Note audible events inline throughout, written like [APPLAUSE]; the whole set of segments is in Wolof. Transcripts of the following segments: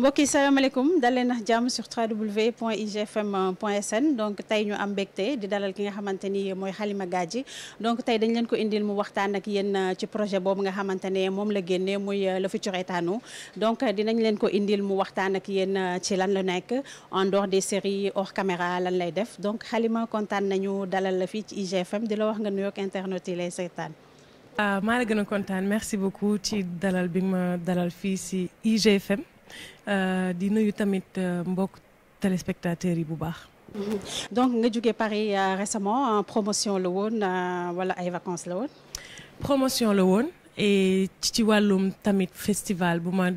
Bonjour, yi salaamaaleykum Dalen leen sur www.igfm.sn donc tay ñu am bekté di dalal ki nga xamanteni moy Halima Gadji donc tay dañ leen ko indil mu waxtaan ak yeen euh, ci projet bobu nga xamanteni mom la génné moy euh, le futur etanu. donc euh, dinañ leen ko indil mu waxtaan ak yeen ci lan la nekk en dehors des séries hors caméra lan lay def donc Halima contane nañu dalal la fi ci IGFM di la wax nga nuyoog internet yi lay seetaan. Ah, maa la gëna contane. merci beaucoup ci dalal bi ma dalal fi ci IGFM. Euh, di nuyu tamit euh, mbokk téléspectateurs yi bu baax. Mhm. donc nga jóge Paris euh, récemment en promotion la woon wala ay vacances la woon. promotion la woon et ci wàllum tamit festival bu ma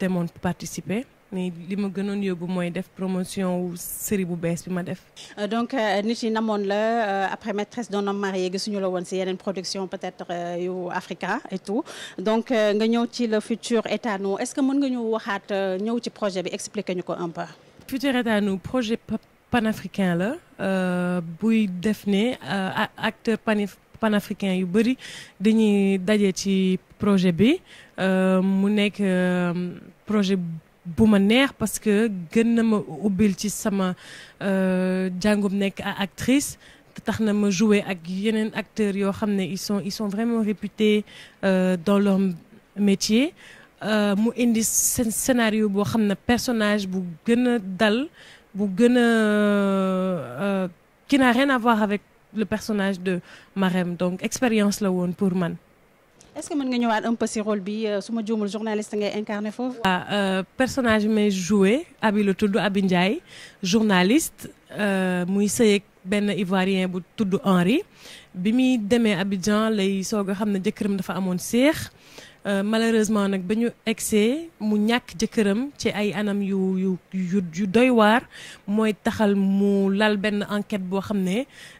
demoon participer mais li ma gënoon yóbbu moy def promotion wu série bu bees bi ma def. Euh, donc euh, nit yi namoon la euh, après maîtresse d'un homme marié gisuñu la won ci yenen production peut-être yu Africa et tout donc nga ñëw ci le futur Etano est-ce que mën nga ñu waxat ñëw ci projet bi expliquer ñuko un peu. futur Etano projet panafricain la buy def né acteur panafricain yu bëri dañuy dajé ci projet bi euh mu nek projet buma neex parce que gën na ma ubbil ci sama euh, actrice te tax jouer ak yeneen acteurs qui ils sont ils sont vraiment réputés euh, dans leur métier euh, mu indi un scénario boo xam personnage bu dal bu qui n'a rien à voir avec le personnage de marem donc expérience la woon pour man est-ce que mën nga ñëwaat un peu ce rôle bi euh, suma ma journaliste ngay incarné fofu euh, personnage mais joué Abi la tudd journaliste euh muy seyek ben Ivoirien bu tudd Henri bi mi démé Abidjan lay soga a jëkërëm dafa amone seex. Euh, malheureusement nak bañu ñu mu ñak jëkërëm ci ay anam yu yu yu yu doy war moy taxal mu lal ben enquête bo xamné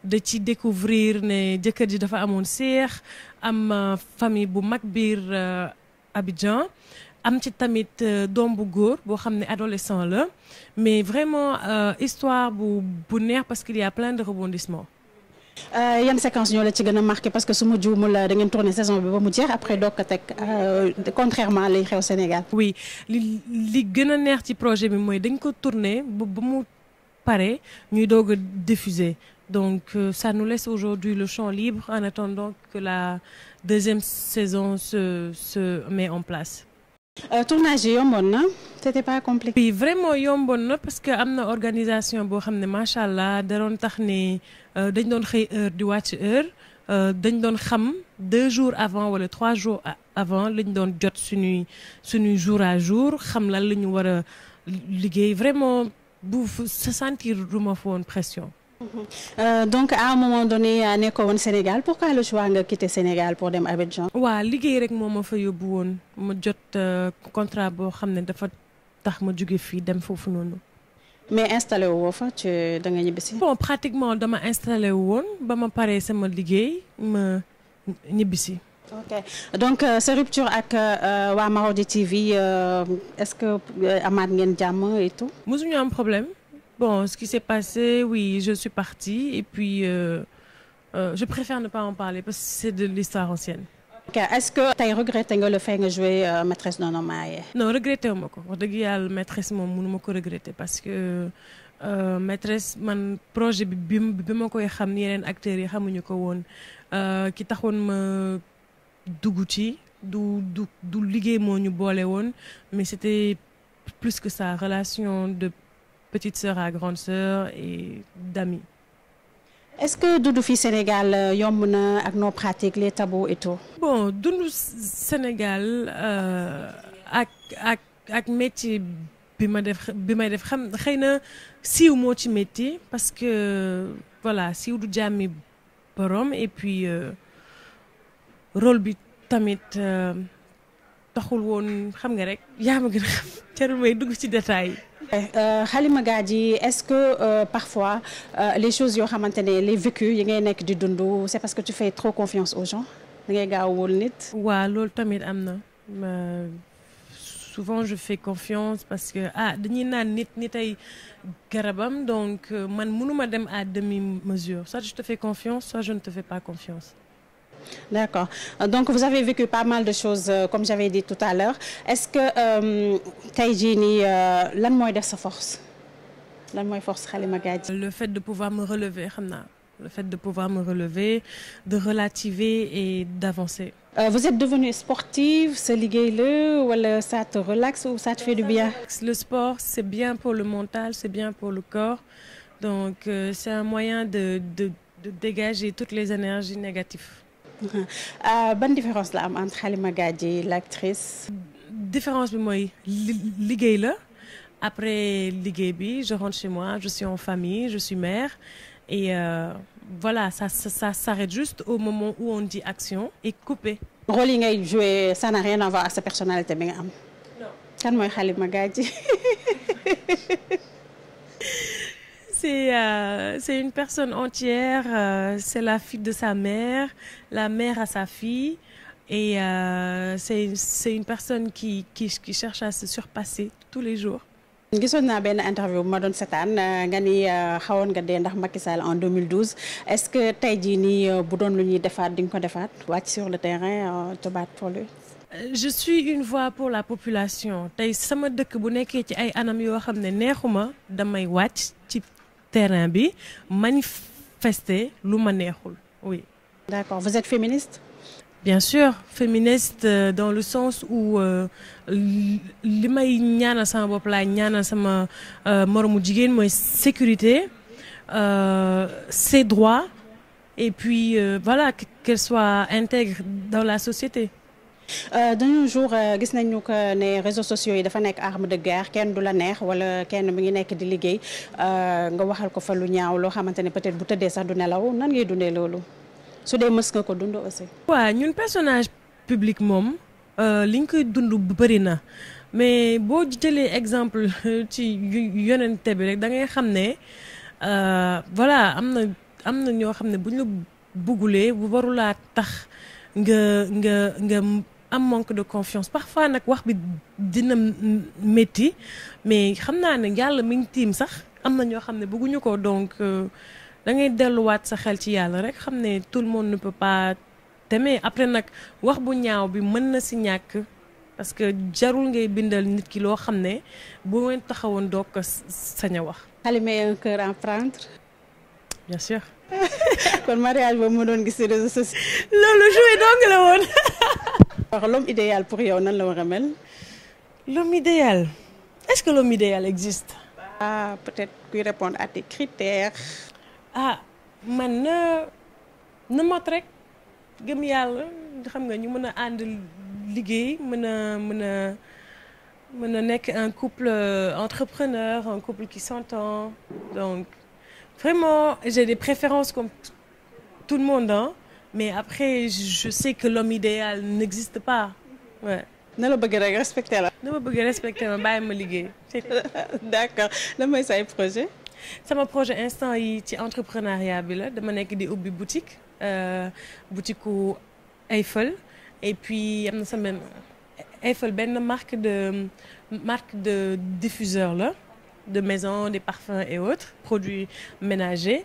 ne ci découvrir ne jëkër ji dafa amone seex am euh, famille bu mag euh, Abidjan am ci tamit doom bu góor boo ne adolescent la mais vraiment histoire bu bu neex parce qu'il y a plein de rebondissements il euh, y a une séquence qui a marquée parce que si ma juumul euh, da tourné saison bi ba mu après doog a teg euh, contrairement lay Sénégal. oui li li gën a projet bi mooy dañ ko tourné ba ba mu pare diffuser donc ça nous laisse aujourd'hui le champ libre en attendant que la deuxième saison se se met en place. Euh, tournage yi yomboon c'était pas compliqué. Puis vraiment yomboon non parce que amna organisation bo xamné machallah da ron tax ne euh, dañ don xey heure di wàcc heure euh, dañ don xam deux jours avant wala trois jours avant lañ don jot suñu suñu jour à jour xam la ñu wara a vraiment bu se sentir duma pression. Euh, donc à un moment donné euh, nekkoo woon Sénégal pourquoi le choix nga quitter Sénégal pour dem Abidjan. waaw liggéey rek moo ma fa yóbbu woon ma jot euh, contrat boo xam ne dafa tax ma jóge fii dem foofu noonu. mais installé wu woo fa ci da nga ñibbisi. bon pratiquement dama installé wu woon ba ma paree sama liggéey ma ñibbisi. ok donc cette rupture avec Wa Marodi TV est-ce que amaat ngeen jàmm et tout. mosuñu am problème. Bon, ce qui s'est passé, oui, je suis partie et puis euh, euh, je préfère ne pas en parler parce que c'est de l'histoire ancienne. ok est-ce que tu as regretté le fait de jouer euh, maîtresse non homme non regretté wu ma ko wax maîtresse moom mënu ma regretter parce que euh, maîtresse mon projet bi bi bi ma koy xam yeneen acteurs yi xamuñu ko woon euh, ki taxoon ma dugg ci du du du liggéey moo mais c'était plus que ça relation de petite sœur à grande sœur et d'amis. Est-ce que Doudoufi Sénégal euh, yomb na ak nos pratiques les tabous et tout. bon dundu Sénégal euh, ak ak ak métier bi ma def bi may mo xam un ci métier parce que voilà vous du un borom et puis euh, rôle bi tamit taxul woon xam nga rek yaa ma gën a xam jarul may ci détails eh, euh, Khalima Gadji est-ce que euh, parfois euh, les choses que tu as les vécus c'est parce que tu fais trop confiance aux gens Oui, ngay gaaw nit. tamit souvent je fais confiance parce que ah dañuy naan nit nit garabam donc man mënuma dem à demi mesure soit je te fais confiance soit je ne te fais pas confiance. D'accord. Euh, donc, vous avez vécu pas mal de choses, euh, comme j'avais dit tout à l'heure. Est-ce que euh, Taïdjini, la moi de sa force la moi force Khalima Le fait de pouvoir me relever, Le fait de pouvoir me relever, de relativer et d'avancer. vous êtes devenue sportive, c'est liguer-le, ou ça te relaxe ou ça te fait du bien Le sport, c'est bien pour le mental, c'est bien pour le corps. Donc, c'est un moyen de, de dégager toutes les énergies négatives. Euh, bonne différence là am entre Halima Gadji l'actrice. différence bi la après c'est bi je rentre chez moi je suis en famille je suis mère et euh, voilà ça ça, s'arrête juste au moment où on dit action et coupé. Rolling que joué ça n'a rien à voir avec sa personnalité mais non Quand moi Halima Gadji. [LAUGHS] c'est euh, une personne entière. Euh, c'est la fille de sa mère, la mère à sa fille. Et euh, c'est une personne qui, qui, qui cherche à se surpasser tous les jours. gisoon naa benn interview bu ma doon seetaan euh, nga ni euh, xawoon en 2012 est-ce que tey jii nii bu doon lu défat? sur le terrain te battre pour lui. je suis une voix pour la population tey sama de bu nekkee ci ay anam yo xam ne damay terrain bi manifester lu oui. d'accord vous êtes féministe. bien sûr féministe euh, dans le sens où euh, les may ñaanal sama euh, sécurité ses droits et puis voilà qu'elle soit intègre dans la société. Euh, dañu jours euh, gis nañu que ne réseaux sociaux yi dafa nek arme de guerre kenn dula neex wala kenn mi ngi nek di liggéey euh, nga waxal ko fa lu ñaaw lo xamantene peut-être bu tëddee sax du nelaw nan ngay dundé lolu su dee mës nga ko dund aussi. wa ñun personnage public mom moom liñ koy bu bari na mais bo jëlé exemple [LAUGHS] ci yonente bi rek da ngay xamné euh voilà amna amna ño xamné ñoo xam ne bu warula tax nga nga nga am manque de confiance parfois nak wax bi dina metti mais xamna naa ne yàlla mi ngi tim sax amna ño xamne xam ko donc euh, da ngay wat sa xel ci yalla rek xamne tout le monde ne peut pas t'aimer après nak wax bu ñaaw bi mën na si parce que jarul ngay bindal nit ki lo xamne bu ngeen taxawoon dok saña sañ a wax. allumer un cœur à prendre. bien sûr. [LAUGHS] kon mariage bo ma don gis ci réseaux sociaux. loolu joué donc la won [LAUGHS] Alors, l'homme idéal pour yow nan la l'homme idéal est-ce que l'homme idéal existe. ah peut-être qu'il répondre à tes critères. ah man ne, ne mot pas xam nga ñu de un couple euh, entrepreneur un couple qui s'entend donc vraiment j'ai des préférences comme tout le monde hein mais après je sais que l'homme idéal n'existe pas ouais. na la veux pas respecté la. Ne respecter, bëgg respecté ma bàyyi ma liggéey. [LAUGHS] d'accord moi, c'est un projet. mon projet instant yi ci entrepreneuriat bi la dama des di ubbi boutique euh, boutique Eiffel et puis Eiffel, une Eiffel marque de marque de diffuseur là, de maison des parfums et autres produits ménagers.